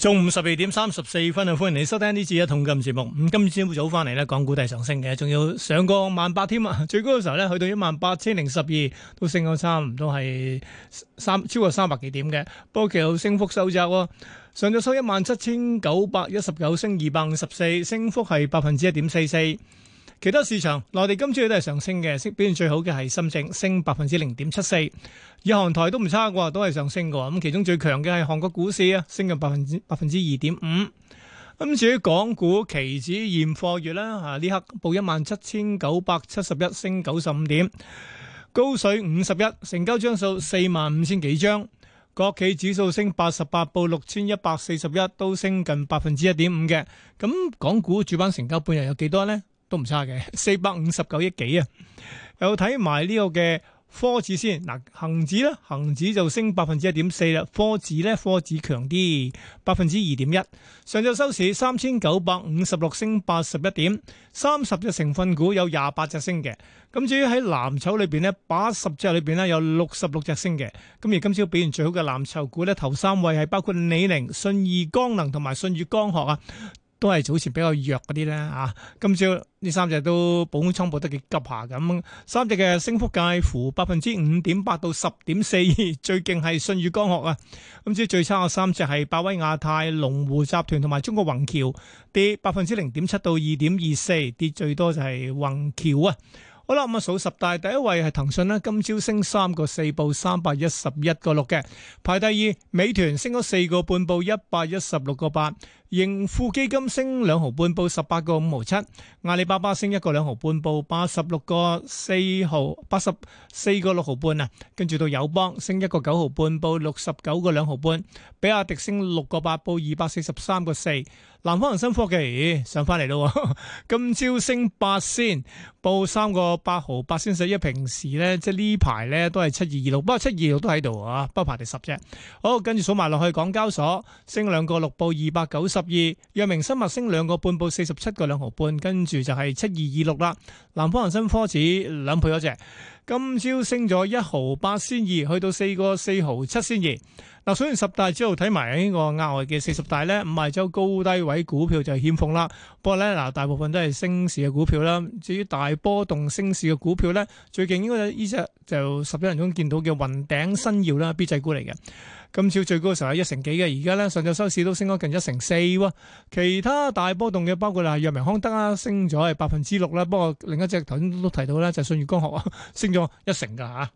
中午十二點三十四分啊，歡迎你收聽呢次一桶金節目。咁今次朝早翻嚟呢，港股係上升嘅，仲要上個萬八添啊！最高嘅時候呢去到一萬八千零十二，都升咗差唔多三，都係三超過三百幾點嘅。不過其有升幅收窄喎，哦，上咗收一萬七千九百一十九，升二百五十四，升幅係百分之一點四四。其他市場，內地今朝都係上升嘅，表現最好嘅係深證，升百分之零點七四。而韓台都唔差啩，都係上升嘅。咁其中最強嘅係韓國股市啊，升近百分之百分之二點五。咁至於港股期指現貨月啦，啊呢刻報一萬七千九百七十一，升九十五點，高水五十一，成交張數四萬五千幾張。國企指數升八十八，報六千一百四十一，都升近百分之一點五嘅。咁港股主板成交半日有幾多呢？都唔差嘅，四百五十九億幾啊！又睇埋呢個嘅科指先，嗱，恆指呢，恒指就升百分之一點四啦，科指呢，科指強啲，百分之二點一。上晝收市三千九百五十六，升八十一點，三十隻成分股有廿八隻升嘅。咁至於喺藍籌裏面呢，八十隻裏面呢，有六十六隻升嘅。咁而今朝表現最好嘅藍籌股呢，頭三位係包括李寧、信義光能同埋信義光學啊。都係早前比較弱嗰啲咧啊！今朝呢三隻都保倉保得幾急下咁，三隻嘅升幅介乎百分之五點八到十點四，最勁係舜宇光學啊！今朝最差嘅三隻係百威亞太、龍湖集團同埋中國宏橋，跌百分之零點七到二點二四，跌最多就係宏橋啊！好啦，咁啊數十大，第一位係騰訊啦，今朝升三個四報三百一十一個六嘅，排第二美團升咗四個半報一百一十六個八。盈富基金升兩毫半，報十八個五毫七。阿里巴巴升一個兩毫半，報八十六個四毫八十四個六毫半啊。跟住到友邦升一個九毫半，報六十九個兩毫半。比亞迪升六個八，報二百四十三個四。南方恒生科技上翻嚟咯，今朝升八仙，報三個八毫八仙十一。平時咧，即係呢排咧都係七二二六，不過七二六都喺度啊，不過排第十啫。好，跟住數埋落去，港交所升兩個六，報二百九十。十二藥明生物升兩個半部，報四十七個兩毫半，跟住就係七二二六啦。南方恒生科指兩倍嗰隻，今朝升咗一毫八仙二，去到四個四毫七仙二。嗱，所以十大之後睇埋呢個額外嘅四十大呢，五日周高低位股票就係欠奉啦。不過呢，嗱，大部分都係升市嘅股票啦。至於大波動升市嘅股票呢，最近呢個呢隻就十一點鐘見到嘅雲頂新耀啦，B 製股嚟嘅。今朝最高嘅時候係一成幾嘅，而家咧上晝收市都升咗近了一成四喎。其他大波動嘅包括係藥明康德升咗係百分之六啦。不過另一隻頭先都提到啦，就係舜宇光學啊，升咗一成噶吓。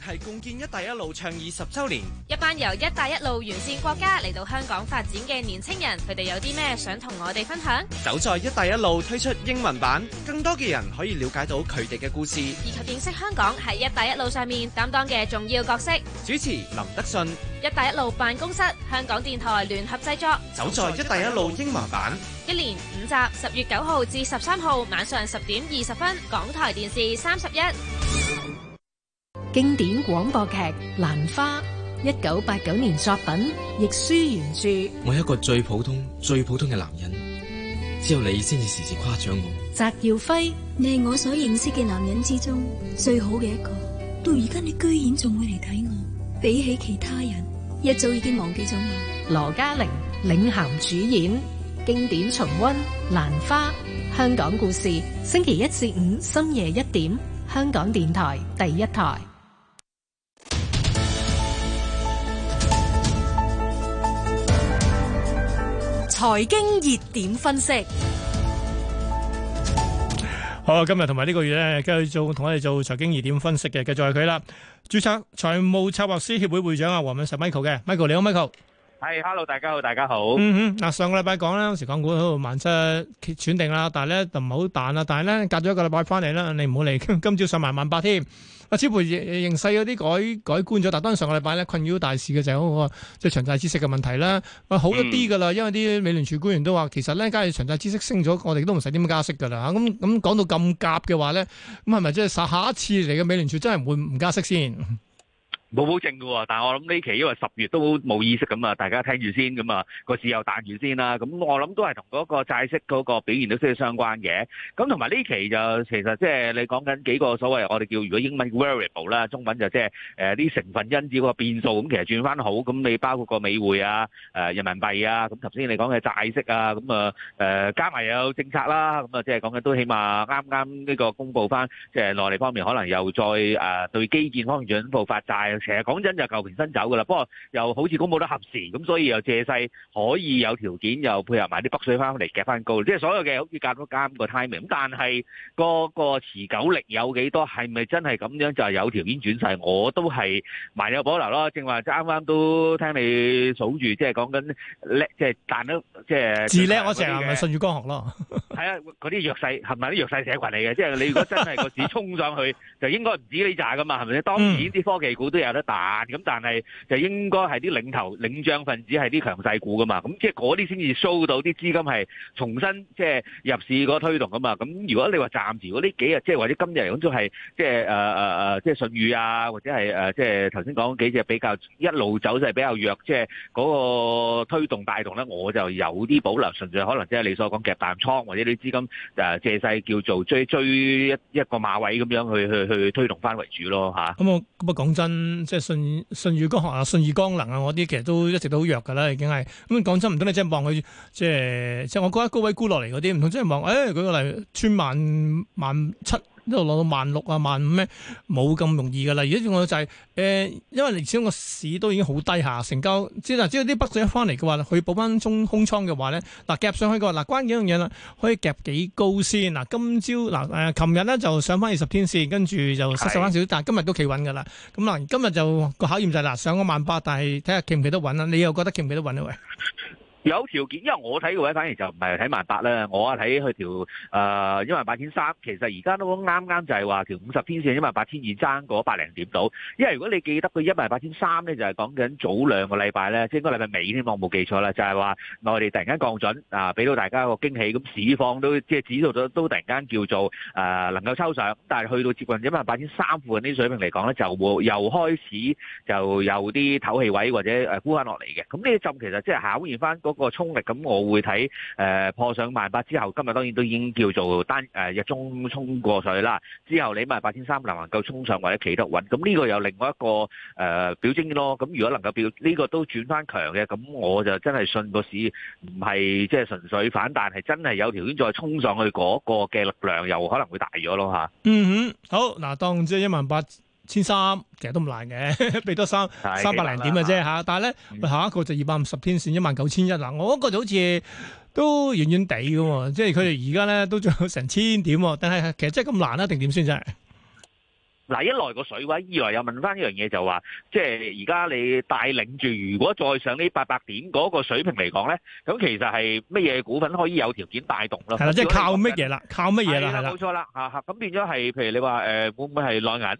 係共建“一帶一路”倡議十週年，一班由“一帶一路”完善國家嚟到香港發展嘅年輕人，佢哋有啲咩想同我哋分享？走在“一帶一路”推出英文版，更多嘅人可以瞭解到佢哋嘅故事，以及認識香港喺“一帶一路”上面擔當嘅重要角色。主持林德信，一帶一路辦公室，香港電台聯合製作《走在一帶一路》英文版，一連五集，十月九號至十三號晚上十點二十分，港台電視三十一。經典廣播劇《蘭花》，一九八九年作品，亦舒原著。我係一個最普通、最普通嘅男人，只有你先至時時誇獎我。翟耀輝，你係我所認識嘅男人之中最好嘅一個。到而家你居然仲會嚟睇我，比起其他人，一早已經忘記咗我。羅嘉玲領銜主演，經典重溫《蘭花》，香港故事，星期一至五深夜一點，香港電台第一台。財經熱點分析，好，今日同埋呢個月咧繼續做同我哋做財經熱點分析嘅，繼續係佢啦。註冊財務策劃師協會會長啊，黃敏碩 Michael 嘅，Michael 你好，Michael 係、hey,，Hello，大家好，大家好。嗯嗯，嗱，上個禮拜講啦，當時港股喺度萬七轉定啦，但係咧就唔好彈啦，但係咧隔咗一個禮拜翻嚟咧，你唔好嚟，今朝上埋萬八添。啊，超撥形勢勢有啲改改觀咗，但當當上個禮拜咧困擾大事嘅就係嗰個即係長債知識嘅問題啦、啊。好一啲噶啦，因為啲美聯儲官員都話其實咧，假如長債知識升咗，我哋都唔使點加息噶啦吓，咁咁講到咁夾嘅話咧，咁係咪即係下一次嚟嘅美聯儲真係會唔加息先？冇保證嘅，但係我諗呢期因為十月都冇意識咁啊，大家聽住先咁啊，個市又彈住先啦。咁我諗都係同嗰個債息嗰個表現都相相關嘅。咁同埋呢期就其實即係你講緊幾個所謂我哋叫如果英文 variable 啦，中文就即係誒啲成分因子個變數。咁其實轉翻好咁，你包括個美匯啊、誒人民幣啊，咁頭先你講嘅債息啊，咁啊誒加埋有政策啦，咁啊即係講緊都起碼啱啱呢個公佈翻，即係內地方面可能又再誒對基建方面進一步發債。成日講真就舊瓶新酒㗎啦，不過又好似公佈得合時，咁所以又借勢可以有條件又配合埋啲北水翻嚟夾翻高，即係所有嘅好似夾都夾啱個 timing。咁但係個持久力有幾多，係咪真係咁樣就係有條件轉勢？我都係萬有保留咯。正話即係啱啱都聽你數住，即係講緊叻，即係彈得即係。自叻我成日咪信住江學咯。係啊，嗰啲弱勢係咪啲弱勢社群嚟嘅？即係你如果真係個市衝上去，就應該唔止呢扎㗎嘛？係咪先？當然啲科技股都有。得彈咁，但係就應該係啲領頭領漲份子係啲強勢股噶嘛，咁即係嗰啲先至 show 到啲資金係重新即係、就是、入市嗰個推動噶嘛。咁如果你話暫時，嗰啲呢幾日即係或者今日咁都係即係呃呃誒，即係信譽啊，或者係呃即係頭先講幾隻比較一路走勢比較弱，即係嗰個推動帶動咧，我就有啲保留，純粹可能即係你所講夾彈倉，或者啲資金誒借勢叫做追追一一個馬位咁樣去去去推動翻為主咯吓，咁我講真。即係信信宇光行啊，信宇光能啊，嗰啲其實都一直都好弱噶啦，已經係咁講真，唔通你真係望佢，即係即係我覺得高位沽落嚟嗰啲唔通，真係望誒，舉、欸那個例，穿萬萬七。一路攞到萬六啊萬五咩，冇咁容易噶啦。而家我就係、是、誒，因為嚟錢個市都已經好低下，成交知啦，只要啲北水一翻嚟嘅話，佢補翻中空倉嘅話咧，嗱夾上去個嗱關幾樣嘢啦，可以夾幾高先嗱？今朝嗱誒，琴日咧就上翻二十天線，跟住就失手翻少，但係今日都企穩噶啦。咁嗱，今日就個考驗就係嗱，上個萬八，但係睇下企唔企得穩啦。你又覺得企唔企得穩啊？喂？有條件，因為我睇嘅位反而就唔係睇萬八啦，我啊睇佢條誒，一萬八千三其實而家都啱啱就係話條五十天線一萬八千二爭過百零點到，因為如果你記得佢一萬八千三咧，18, 就係講緊早兩個禮拜咧，即係應該禮拜尾添我冇記錯啦，就係、是、話內地突然間降準啊，俾到大家一個驚喜，咁市況都即係指數都，都突然間叫做誒、呃、能夠抽上，但係去到接近一萬八千三附近啲水平嚟講咧，就會又開始就有啲透氣位或者誒沽翻落嚟嘅，咁呢一陣其實即係考驗翻。嗰個衝力，咁我會睇誒、呃、破上萬八之後，今日當然都已經叫做單誒日、呃、中衝過水啦。之後你問八千三能夠衝上或者企得穩，咁呢個有另外一個誒、呃、表徵咯。咁如果能夠表呢、這個都轉翻強嘅，咁我就真係信個市唔係即係純粹反彈，係真係有條線再衝上去嗰、那個嘅、那個、力量又可能會大咗咯嚇。嗯哼，好嗱，那當即係一萬八千三其實都唔難嘅，俾多三三百零點嘅啫吓，但係咧，下一個就二百五十天線一萬九千一啦。我嗰個就好似都遠遠地嘅，即係佢哋而家咧都仲有成千點，但係其實真係咁難啊？定點先啫？嗱，一來個水位，二來又問翻一樣嘢，就話即係而家你帶領住，如果再上呢八百點嗰個水平嚟講咧，咁其實係乜嘢股份可以有條件帶動咯？係啦，即係靠乜嘢啦？靠乜嘢啦？冇錯啦，吓，咁變咗係，譬如你話誒，會唔會係內銀？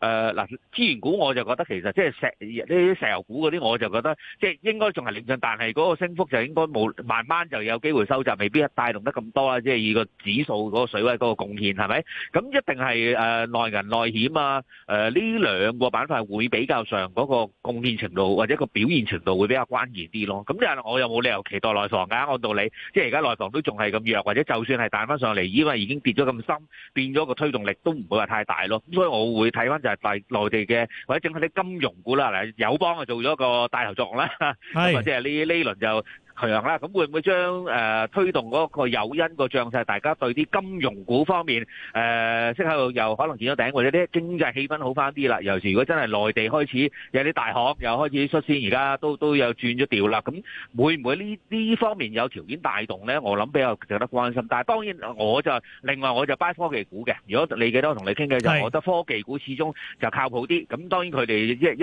誒嗱、呃，資源股我就覺得其實即係石呢啲石，石油股嗰啲，我就覺得即係應該仲係領漲，但係嗰個升幅就應該冇慢慢就有機會收窄，未必帶動得咁多啦。即係以個指數嗰個水位嗰個貢獻係咪？咁一定係誒內銀內險啊！誒、呃、呢兩個板塊會比較上嗰個貢獻程度或者個表現程度會比較關鍵啲咯。咁但係我又冇理由期待內房㗎。按道理即係而家內房都仲係咁弱，或者就算係彈翻上嚟，因為已經跌咗咁深，變咗個推動力都唔會話太大咯。所以我會睇翻就係內地嘅，或者整翻啲金融股啦。嗱，友邦啊做咗個帶頭作用啦，咁啊即係呢呢輪就。強啦，咁、嗯、會唔會將誒、呃、推動嗰個誘因個漲勢？大家對啲金融股方面誒，之、呃、後又可能見到頂，或者啲經濟氣氛好翻啲啦。尤其如果真係內地開始有啲大行又開始率先，而家都都有轉咗調啦。咁會唔會呢呢方面有條件帶動咧？我諗比較值得關心。但係當然我就另外我就 buy 科技股嘅。如果你記得我同你傾偈就，是我覺得科技股始終就靠譜啲。咁當然佢哋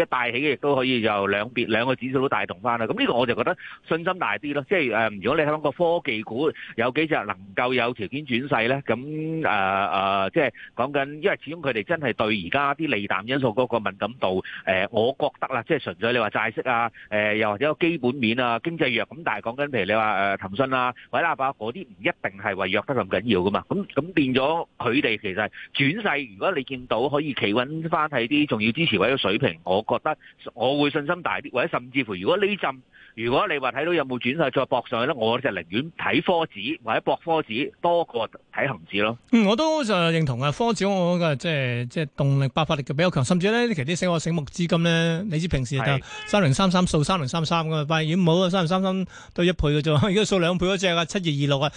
一帶起亦都可以就兩邊兩個指數都帶動翻啦。咁呢個我就覺得信心大一點。啲咯，即係誒，如果你睇翻個科技股有幾隻能夠有條件轉勢咧，咁誒誒，即係講緊，因為始終佢哋真係對而家啲利淡因素嗰個敏感度，誒，我覺得啦，即係純粹你話債息啊，誒，又或者個基本面啊，經濟弱咁，但係講緊譬如你話誒騰訊啊、喂大啊嗰啲，唔一定係話弱得咁緊要噶嘛，咁咁變咗佢哋其實轉勢，如果你見到可以企穩翻喺啲重要支持位嘅水平，我覺得我會信心大啲，或者甚至乎如果呢陣。如果你話睇到有冇轉勢再博上去咧，我就寧願睇科指或者博科指多過睇恒指咯。嗯，我都就認同啊，科指我覺得即係即係動力、發發力就比較強，甚至呢，其實啲醒我醒目資金呢，你知平時就三零三三數三零三三噶嘛，是但係如果冇三零三三都一倍嘅啫，如果數兩倍嗰隻啊七二二六啊，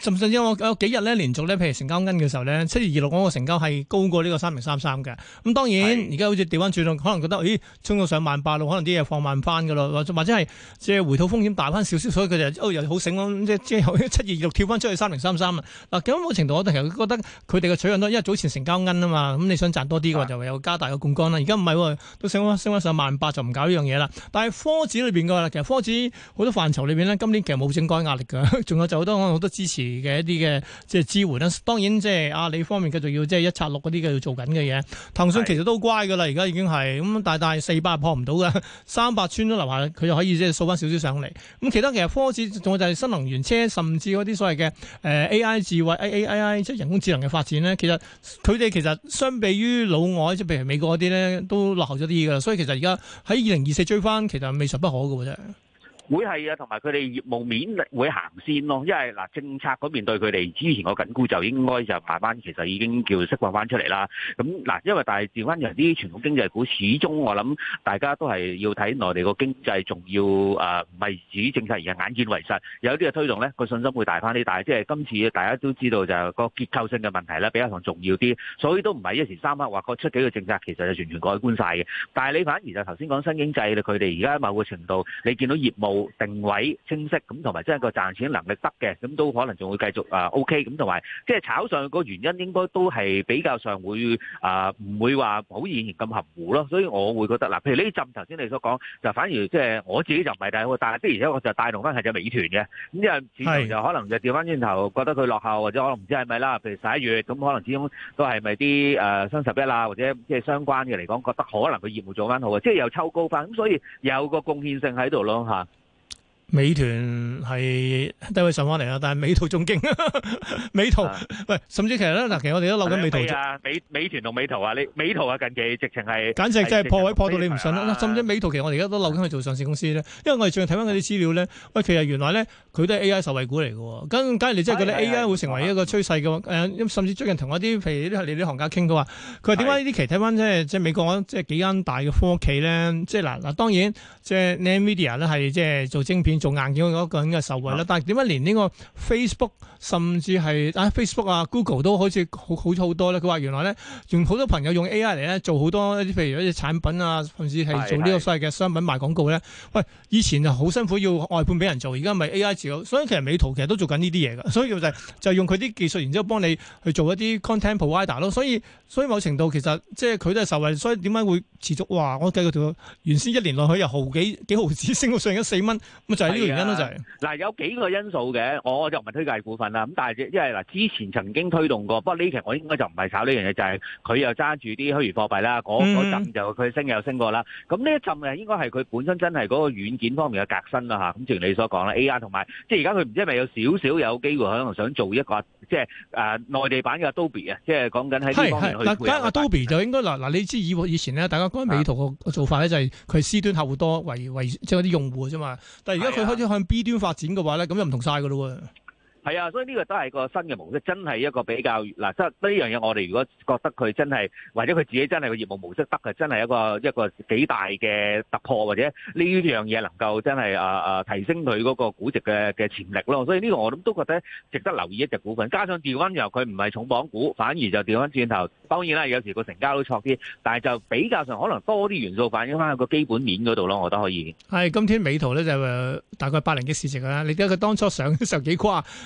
甚甚至我有幾日咧連續咧，譬如成交鈴嘅時候咧，七二二六嗰個成交係高過呢個三零三三嘅。咁當然而家是好似調翻轉咗，可能覺得咦衝到上萬八六，可能啲嘢放慢翻噶咯，或者或者係。即係回吐風險大翻少少，所以佢就又好醒咯，即係即係七二六跳翻出去三零三三啊！嗱，咁某程度我哋其實覺得佢哋嘅取向都因為早前成交奀啊嘛，咁你想賺多啲嘅話，就唯有加大個槓桿啦。而家唔係，都升翻升翻上萬八就唔搞呢樣嘢啦。但係科指裏邊嘅話，其實科指好多範疇裏邊呢，今年其實冇整改壓力㗎，仲有就好多可能好多支持嘅一啲嘅即係支援啦。當然即係阿里方面繼續要即係一拆六嗰啲嘅要做緊嘅嘢，騰訊其實都乖㗎啦，而家已經係咁大大四百破唔到㗎，三百穿咗留下佢就可以掃翻少少上嚟咁，其他其實科技仲有就係新能源車，甚至嗰啲所謂嘅誒 A.I. 智慧 a a i 即係人工智能嘅發展咧，其實佢哋其實相比於老外，即譬如美國嗰啲咧，都落後咗啲噶啦。所以其實而家喺二零二四追翻，其實未嘗不可噶啫，真係。會係啊，同埋佢哋業務面會行先咯，因為嗱、啊、政策嗰面對佢哋之前個緊箍就應該就排返，其實已經叫釋放翻出嚟啦。咁、嗯、嗱、啊，因為但係調翻入啲傳統經濟股，始終我諗大家都係要睇內地個經濟重要誒，唔係只政策而係眼見為實，有啲嘅推動咧個信心會大翻啲。但係即係今次大家都知道就個結構性嘅問題咧比較重要啲，所以都唔係一時三刻話個出幾個政策其實就完全改觀晒嘅。但係你反而就頭先講新經濟，佢哋而家某個程度你見到業務。定位清晰咁，同埋即係個賺錢能力得嘅，咁都可能仲會繼續啊 OK 咁，同埋即係炒上個原因，應該都係比較上會啊，唔、呃、會話好以前咁含糊咯。所以我會覺得嗱，譬如呢一陣頭先你所講，就反而即係我自己就唔係，但係的而家我就帶動翻係隻美團嘅咁，因為始終就可能就掉翻轉頭，覺得佢落後或者可能唔知係咪啦。譬如十一月咁、嗯，可能始終都係咪啲誒雙十一啦或者即係相關嘅嚟講，覺得可能佢業務做翻好啊，即係又抽高翻，咁所以有個貢獻性喺度咯嚇。美團係低位上翻嚟啦，但係美圖仲勁， 美圖圖、啊、喂，甚至其實咧，嗱，其實我哋都漏緊美圖啫、啊。美美團同美圖啊，你美圖啊，近期直情係簡直即係破位破到你唔信啦。啊、甚至美圖，其實我哋而家都漏緊去做上市公司咧，因為我哋最近睇翻嗰啲資料咧，啊、喂，其實原來咧佢都係 A I 受惠股嚟嘅。咁假如你真係覺得 A I 會成為一個趨勢嘅，誒、呃，甚至最近同一啲，譬如啲你啲行家傾都話，佢話點解呢啲期睇翻即係即係美國即係幾間大嘅科企咧，即係嗱嗱，當然即係 Nvidia 咧係即係做晶片。做硬件嗰個人嘅受惠啦，啊、但係點解連呢個 Facebook 甚至係啊 Facebook 啊 Google 都好似好好咗好多咧？佢話原來咧用好多朋友用 AI 嚟咧做好多一啲譬如一啲產品啊，甚至係做呢個細嘅商品賣廣告咧。喂，以前就好辛苦要外判俾人做，而家咪 AI 自有，所以其實美圖其實都做緊呢啲嘢㗎，所以就係就係用佢啲技術，然之後幫你去做一啲 content provider 咯。所以所以某程度其實即係佢都係受惠，所以點解會持續哇？我計佢條原先一年落去，由毫幾幾毫子升到上咗四蚊，咁就係。呢個原因咯就係、是、嗱、啊、有幾個因素嘅，我就唔係推介股份啦。咁但係因為嗱之前曾經推動過，不過呢期我應該就唔係炒呢樣嘢，就係、是、佢又揸住啲虛擬貨幣啦。嗰陣就佢升又升過啦。咁呢一陣嘅應該係佢本身真係嗰個軟件方面嘅革新啦嚇。咁、啊、正如你所講啦，A R 同埋即係而家佢唔知係咪有少少有機會可能想做一個即係誒內地版嘅 Adobe 啊，即係講緊喺呢方面去配合。嗱而家 Adobe 就應該嗱你知以以前咧，大家講美圖個做法咧就係佢 C 端客戶多為、啊、為，為即係啲用戶啫嘛，但係而家。佢開始向 B 端發展嘅話咧，咁又唔同曬㗎咯喎。係啊，所以呢個都係個新嘅模式，真係一個比較嗱，真呢樣嘢我哋如果覺得佢真係或者佢自己真係個業務模式得嘅，真係一個一個幾大嘅突破，或者呢樣嘢能夠真係啊啊提升佢嗰個估值嘅嘅潛力咯。所以呢個我諗都覺得值得留意一隻股份，加上調翻油，佢唔係重磅股，反而就調翻轉頭。當然啦，有時個成交都錯啲，但係就比較上可能多啲元素反映翻個基本面嗰度咯，我都可以。係，今天美圖咧就係大概八零嘅市值啦。你睇佢當初上上幾誇。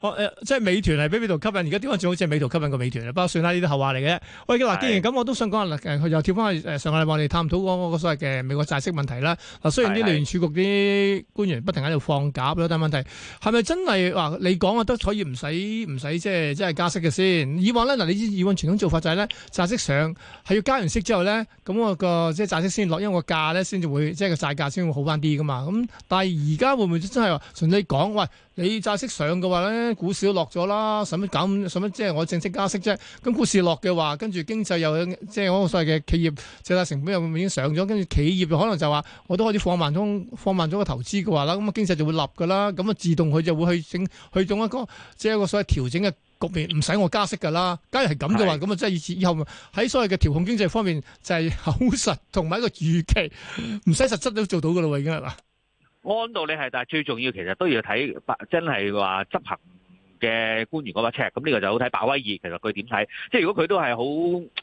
我誒、哦呃、即係美團係俾美圖吸引，而家點解仲好似係美圖吸引過美團咧？不過算啦，呢啲後話嚟嘅。喂，是既然咁，我都想講下佢又跳翻去誒、呃、上個禮拜我哋探討過嗰個所謂嘅美國債息問題啦。嗱，雖然啲聯儲局啲官員不停喺度放鴿咯，但問題係咪真係話、呃、你講啊都可以唔使唔使即係即係加息嘅先？以往咧嗱，你知以往傳統做法就係咧債息上係要加完息之後咧，咁我、那個即係債息先落，因為個價咧先至會即係個債價先會好翻啲噶嘛。咁但係而家會唔會真係話純粹講喂？你債息上嘅話咧，股市都落咗啦。使乜咁使乜，即係我正式加息啫。咁股市落嘅話，跟住經濟又即係我所謂嘅企業借貸成本又已經上咗，跟住企業可能就話我都開始放慢咗放慢咗個投資嘅話啦。咁啊，經濟就會立噶啦。咁啊，自動佢就會去整去到一個即係一個所謂調整嘅局面，唔使我加息噶啦。假如係咁嘅話，咁啊的即係以以後喺所謂嘅調控經濟方面就係、是、口實同埋一個預期，唔使實質都做到噶啦。已經係啦按道理係，但係最重要，其實都要睇，白真係話執行。嘅官員嗰把尺，咁呢個就好睇。鮑威爾其實佢點睇？即如果佢都係好，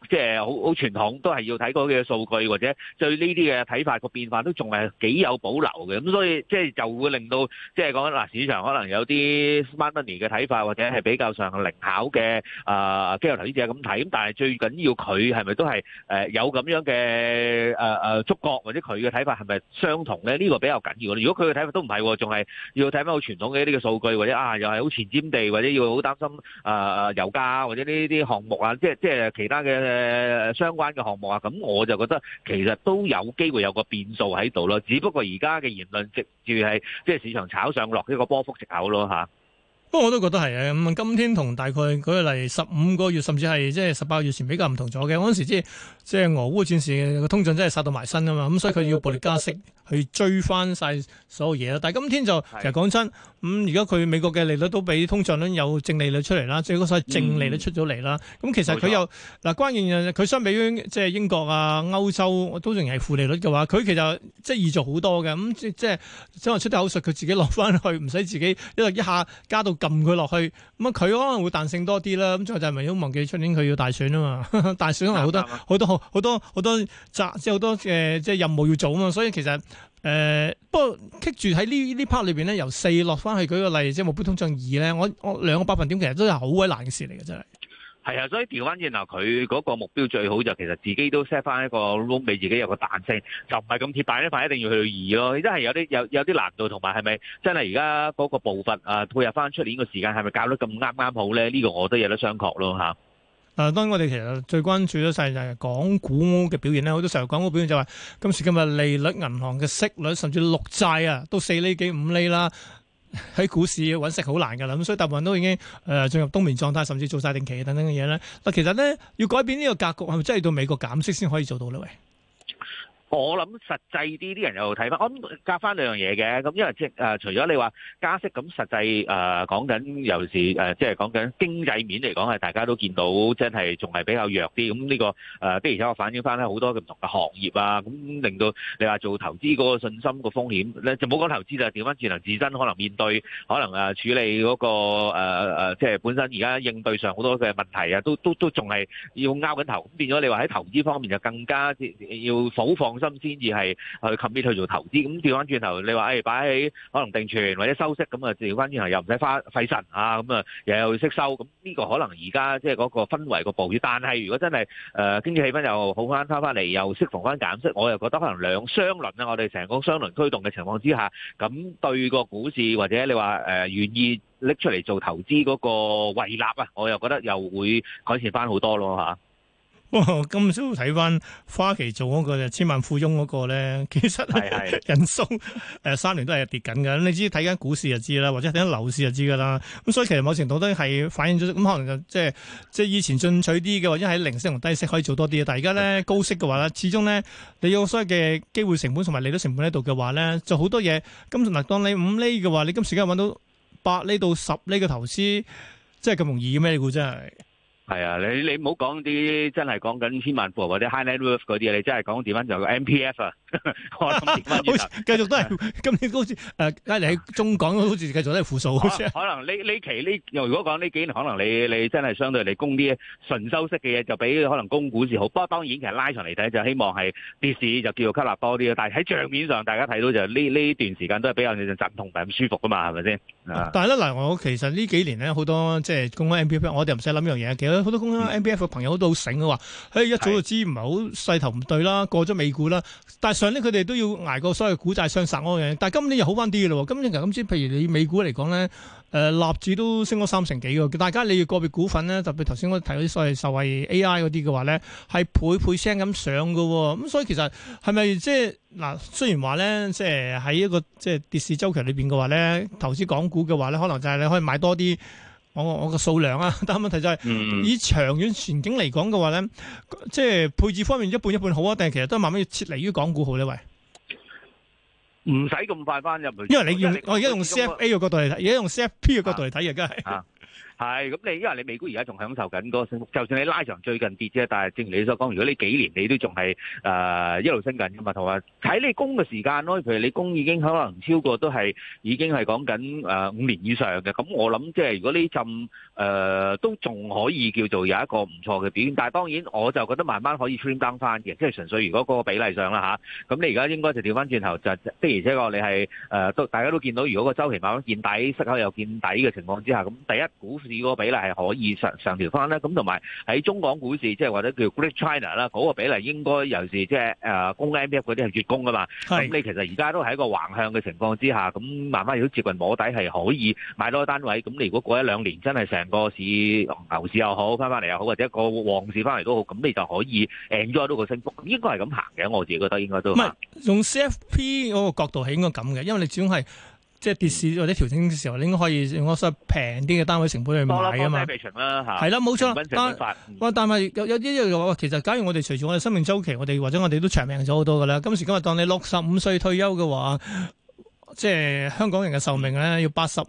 即係好好傳統，都係要睇嗰啲嘅數據或者對呢啲嘅睇法個變化都仲係幾有保留嘅。咁所以即係、就是、就會令到即係講嗱，市場可能有啲 smart money 嘅睇法或者係比較上靈巧嘅啊，金融投資者咁睇。咁但係最緊要佢係咪都係誒有咁樣嘅誒誒觸覺，或者佢嘅睇法係咪相同咧？呢、呢個比較緊要。如果佢嘅睇法都唔係，仲係要睇翻好傳統嘅呢個數據或者啊，又係好前瞻地。或者要好擔心誒、呃、油價或者呢啲項目啊，即係即係其他嘅相關嘅項目啊，咁我就覺得其實都有機會有個變數喺度咯。只不過而家嘅言論直住係即係市場炒上落，呢個波幅直口咯吓，不過我都覺得係啊。咁、嗯、今日同大概距離十五個月，甚至係即係十八個月前比較唔同咗嘅。我嗰時即係即係俄烏戰事嘅通脹真係殺到埋身啊嘛，咁、嗯、所以佢要暴力加息。去追翻晒所有嘢啦，但係今天就是其實講真，咁而家佢美國嘅利率都比通脹率有正利率出嚟啦，即係嗰個正利率出咗嚟啦。咁、嗯嗯、其實佢又嗱關鍵嘅，佢相比於即係英國啊、歐洲，我都仍然係負利率嘅話，佢其實即係易做好多嘅。咁、嗯、即係即係話出啲口術，佢自己落翻去，唔使自己，因為一下加到撳佢落去。咁、嗯、啊，佢可能會彈性多啲啦。咁最後就係咪好忘記出年佢要大選啊嘛， 大選可能好多好對多好吧多好多責，即係好多嘅即係任務要做啊嘛。所以其實。誒、呃，不過棘住喺呢呢 part 裏邊咧，由四落翻去舉個例子，即係目標通脹二咧，我我兩個百分點其實都係好鬼難嘅事嚟嘅，真係係啊，所以調翻轉，然佢嗰個目標最好就其實自己都 set 翻一個 room 俾自己有個彈性，就唔係咁貼大呢塊，一定要到去二咯，真係有啲有有啲難度，同埋係咪真係而家嗰個步伐啊，配合翻出年個時間係咪搞得咁啱啱好咧？呢、這個我都有得商榷咯，吓、啊。誒當然我哋其實最關注咗晒就係港股嘅表現咧，好多時候港股表現就話、係，今時今日利率、銀行嘅息率，甚至綠債啊，都四厘幾、五厘啦，喺股市搵息好難噶啦，咁所以大部分都已經誒、呃、進入冬眠狀態，甚至做晒定期等等嘅嘢咧。嗱，其實咧要改變呢個格局，係咪真係到美國減息先可以做到呢？喂？我諗實際啲啲人又睇翻，我諗夾翻兩樣嘢嘅。咁因為即係除咗你話加息，咁實際誒講緊，尤其是即係講緊經濟面嚟講，係大家都見到，真係仲係比較弱啲。咁呢個誒的而且我反映翻咧好多唔同嘅行業啊，咁令到你話做投資嗰個信心個風險咧，就冇講投資就調翻轉頭自身可能面對可能誒處理嗰個誒即係本身而家應對上好多嘅問題啊，都都都仲係要拗緊頭。變變咗你話喺投資方面就更加要否放。心先至係去冚啲去做投資，咁調翻轉頭你話誒擺喺可能定存或者收息，咁啊調翻轉頭又唔使花費神啊，咁啊又有息收，咁呢個可能而家即係嗰個氛圍個暴漲，但係如果真係誒經濟氣氛又好翻翻翻嚟，又適逢翻減息，我又覺得可能兩雙輪啊，我哋成個雙輪驅動嘅情況之下，咁對個股市或者你話誒、呃、願意拎出嚟做投資嗰個位立啊，我又覺得又會改善翻好多咯嚇。哇、哦！今朝睇翻花旗做嗰就、那個、千萬富翁嗰個咧，其實係是是 人數誒三年都係跌緊嘅。你知睇緊股市就知啦，或者睇緊樓市就知噶啦。咁所以其實某程度都係反映咗咁，可能就即係即係以前進取啲嘅，或者喺零息同低息可以做多啲。但係而家咧高息嘅話咧，始終咧你有所謂嘅機會成本同埋利率成本喺度嘅話咧，就好多嘢。咁嗱，當你五厘嘅話，你今時而家搵到八厘到十厘嘅投資，真係咁容易咩？你估真係。係啊，你你唔好講啲真係講緊千萬富豪或者 high net worth 嗰啲啊。你真係講點樣就個 MPF 啊！ 我諗點樣？好，繼續都係 今年都呃，而、啊、家你喺中港好似繼續都係負數。啊、是可能呢呢期呢，如果講呢幾年，可能你你真係相對嚟供啲純收息嘅嘢，就比可能供股市好。不過當然，其實拉長嚟睇就希望係跌市就叫做吸納多啲。但係喺帳面上，大家睇到就呢呢、嗯、段時間都係比較就陣痛，唔咁舒服噶嘛，係咪先？但係咧嗱，我其實呢幾年咧好多即係供緊 MPF 我哋唔使諗呢樣嘢。好多公司 NBF 嘅朋友都好醒嘅，話、嗯：，佢一早就知唔係好勢頭唔對啦，過咗美股啦。但係上年佢哋都要挨過所謂股債雙殺嗰樣，但係今年又好翻啲嘅咯。今年其實今次，譬如你美股嚟講咧，誒、呃，納指都升咗三成幾嘅。大家你要個別股份咧，特別頭先我提嗰啲所謂受惠 AI 嗰啲嘅話咧，係倍倍聲咁上嘅。咁所以其實係咪即係嗱？雖然話咧，即係喺一個即係跌市周期裏邊嘅話咧，投資港股嘅話咧，可能就係你可以買多啲。我我個數量啊，但係問題就係，以長遠前景嚟講嘅話咧，即係、嗯嗯、配置方面一半一半好啊，定係其實都慢慢要撤離於港股好呢？喂、嗯，唔使咁快翻入去，因為你用我而家用 CFA 嘅角度嚟睇，而家用 CFP 嘅角度嚟睇，而家係。啊係，咁你因為你美股而家仲享受緊個升幅，就算你拉長最近跌啫，但係正如你所講，如果呢幾年你都仲係誒一路升緊嘅嘛，同埋睇你供嘅時間咯。譬如你供已經可能超過都係已經係講緊誒五年以上嘅，咁我諗即係如果呢浸誒都仲可以叫做有一個唔錯嘅表現，但係當然我就覺得慢慢可以 turn down 翻嘅，即係純粹如果個比例上啦嚇，咁、啊、你而家應該就調翻轉頭就的而且確你係誒都大家都見到，如果個周期慢慢見底，息口又見底嘅情況之下，咁第一股。個比例係可以上上調翻咧，咁同埋喺中港股市，即係或者叫 Great China 啦，嗰個比例應該又、就是即係誒供 N 股嗰啲係月供㗎嘛。咁是你其實而家都係一個橫向嘅情況之下，咁慢慢亦都接近摸底係可以買多個單位，咁你如果過一兩年真係成個市牛市又好，翻翻嚟又好，或者一個旺市翻嚟都好，咁你就可以 enjoy 到個升幅，應該係咁行嘅。我自己覺得應該都唔係用 CFP 嗰個角度係應該咁嘅，因為你始終係。即係跌市或者調整嘅時候，你應該可以用個稍微平啲嘅單位成本去買啊嘛。係啦，冇錯。成本成本法，但係，有有啲嘢嘅話，其實假如我哋隨住我哋生命周期，我哋或者我哋都長命咗好多㗎啦。今時今日，當你六十五歲退休嘅話。即係香港人嘅壽命咧，要八十五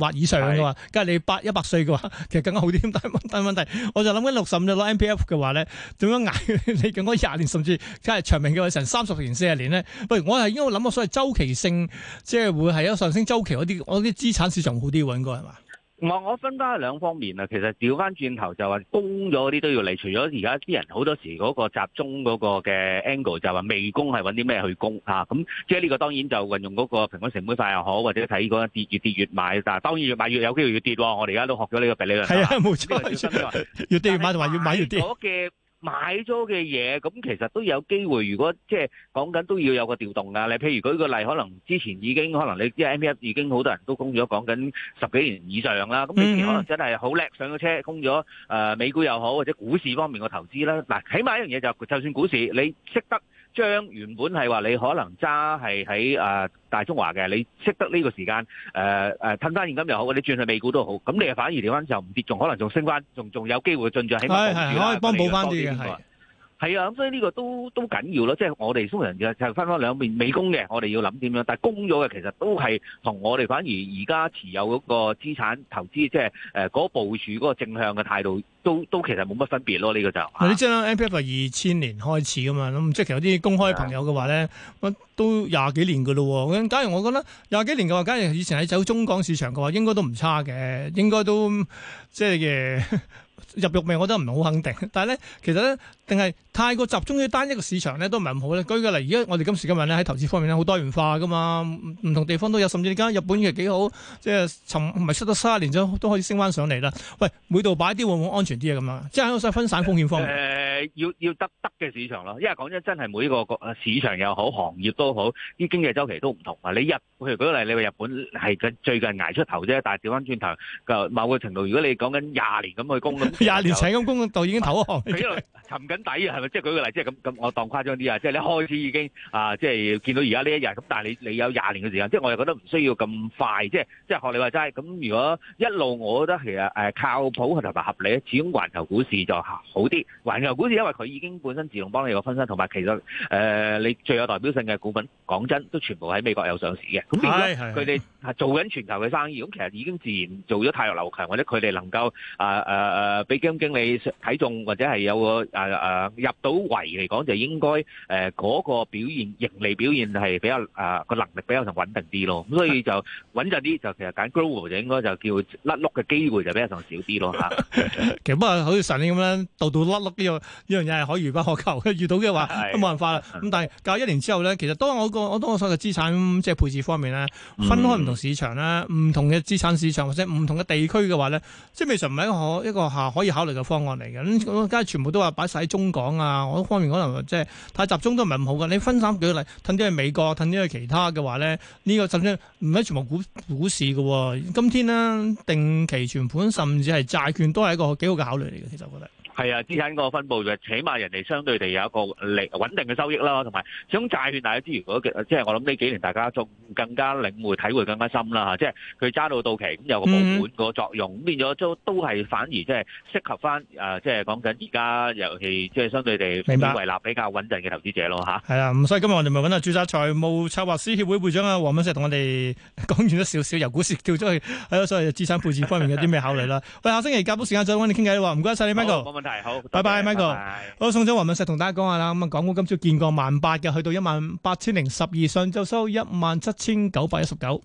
或以上嘅話，梗係的你八一百歲嘅話，其實更加好啲。但係問題，我就諗緊六十五就攞 MPF 嘅話咧，點樣捱你咁多廿年，甚至梗係長命嘅話成三十年、四十年咧？喂，我係應該諗過所謂周期性，即係會係一個上升周期嗰啲，嗰啲資產市場好啲喎，應該係嘛？我我分家係兩方面啊，其實調翻轉頭就話供咗啲都要嚟，除咗而家啲人好多時嗰個集中嗰個嘅 angle 就話未供係搵啲咩去供吓，咁即係呢個當然就運用嗰個平均成本法又好，或者睇嗰啲跌越跌越買，但係當然越買越有機會越跌。我哋而家都學咗呢個比你嘅。啊，冇錯，越跌說越買同埋越買越跌。買咗嘅嘢，咁其實都有機會，如果即係講緊都要有個調動㗎。你譬如舉個例，可能之前已經可能你即係 MPF 已經好多人都供咗，講緊十幾年以上啦。咁你可能真係好叻上咗車，供咗誒美股又好或者股市方面個投資啦。嗱，起碼一樣嘢就就算股市你識得。將原本係話你可能揸係喺啊大中華嘅，你識得呢個時間誒誒，褪、呃、翻現金又好，你轉去美股都好，咁你又反而調翻就唔跌，仲可能仲升翻，仲仲有機會進賬，起碼保住啦，係啊，多啲係。係啊，咁所以呢個都都緊要咯，即、就、係、是、我哋通常就就分翻兩邊未供嘅，我哋要諗點樣，但係供咗嘅其實都係同我哋反而而家持有嗰個資產投資，即係誒嗰部署嗰個正向嘅態度，都都其實冇乜分別咯，呢、這個就嗱、啊、你即係 MPF 二千年開始噶嘛，咁即係其實有啲公開朋友嘅話咧，的都廿幾年噶咯，喎。假如我覺得廿幾年嘅話，假如以前喺走中港市場嘅話，應該都唔差嘅，應該都即係嘅。就是 入肉未？我覺得唔係好肯定。但係咧，其實咧，定係太過集中於單一個市場咧，都唔係好咧。舉個例，而家我哋今時今日咧喺投資方面咧，好多元化噶嘛，唔同地方都有。甚至而家日本嘅幾好，即係唔係出咗三十年咗，都可以升翻上嚟啦。喂，每度擺啲會唔會安全啲啊？咁即係我想分散風險方面。誒、呃，要要得得嘅市場咯。因為講真個個，真係每一個市場又好，行業都好，啲經濟周期都唔同啊。你一譬如舉個例，你話日本係佢最近捱出頭啫，但係調翻轉頭嘅某個程度，如果你講緊廿年咁去供，咁，廿 年長工攻就已經投降，一路沉緊底啊，係咪？即係舉個例，即係咁咁，我當誇張啲啊！即係你開始已經啊、呃，即係見到而家呢一日咁，但係你你有廿年嘅時間，即係我又覺得唔需要咁快，即係即係學你話齋咁。如果一路，我覺得其實誒靠譜同埋合理，始終環球股市就好啲。環球股市因為佢已經本身自動幫你個分身，同埋其實誒、呃、你最有代表性嘅股份，講真都全部喺美國有上市嘅。咁如果佢哋係做緊全球嘅生意，咁其實已經自然做咗汰弱留強，或者佢哋能夠啊啊啊俾基金經理睇中，或者係有個啊啊、呃、入到圍嚟講，就應該誒嗰、呃那個表現盈利表現係比較啊個、呃、能力比較上穩定啲咯。咁所以就穩陣啲，就其實揀 growth 就應該就叫甩碌嘅機會就比較少啲咯嚇。 其實不過好似上年咁樣度度甩碌呢個呢樣嘢係可遇不可求，遇到嘅話都冇辦法啦。咁的但係隔一年之後咧，其實當我個我當我所嘅資產即係配置方面咧，嗯、分開唔同市場啦，唔同嘅資產市場或者唔同嘅地區嘅話咧，即係未嘗唔係一個可一個吓可以考慮嘅方案嚟嘅。梗係全部都話擺晒喺中港啊，嗰方面可能即係太集中都唔係唔好噶。你分散舉例，褪啲去美國，褪啲去其他嘅話咧，呢、這個甚至唔係全部股股市噶、哦。今天呢，定期存款，甚至係債券都係一個幾好嘅考慮嚟嘅，其實我覺得。係啊，資產嗰個分佈就起碼人哋相對地有一個利穩定嘅收益啦，同埋想債券大家知，如果即係我諗呢幾年大家仲更加領會體會更加深啦吓，即係佢揸到到期咁有個保本個作用，咁變咗都都係反而即、就、係、是、適合翻誒、呃，即係講緊而家尤其即係相對地白以維立比較穩陣嘅投資者咯吓，係啊，咁所以今日我哋咪揾下註冊財務策劃師協會會長啊黃敏碩同我哋講完咗少少由股市跳出去，係咯，所謂資產配置方面有啲咩考慮啦？喂， 下星期夾到時間再揾你傾偈啦，唔該晒你 Michael。的ゴ好，拜拜，Michael。Bye bye 好，送咗黃敏碩同大家講下啦。咁啊，港股今朝見過萬八嘅，去到一萬八千零十二，上晝收一萬七千九百一十九。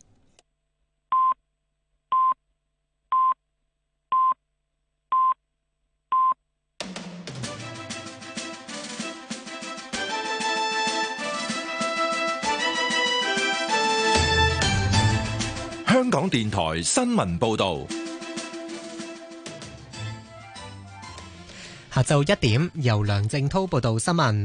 香港電台新聞報道。下晝一點，由梁正濤報道新聞。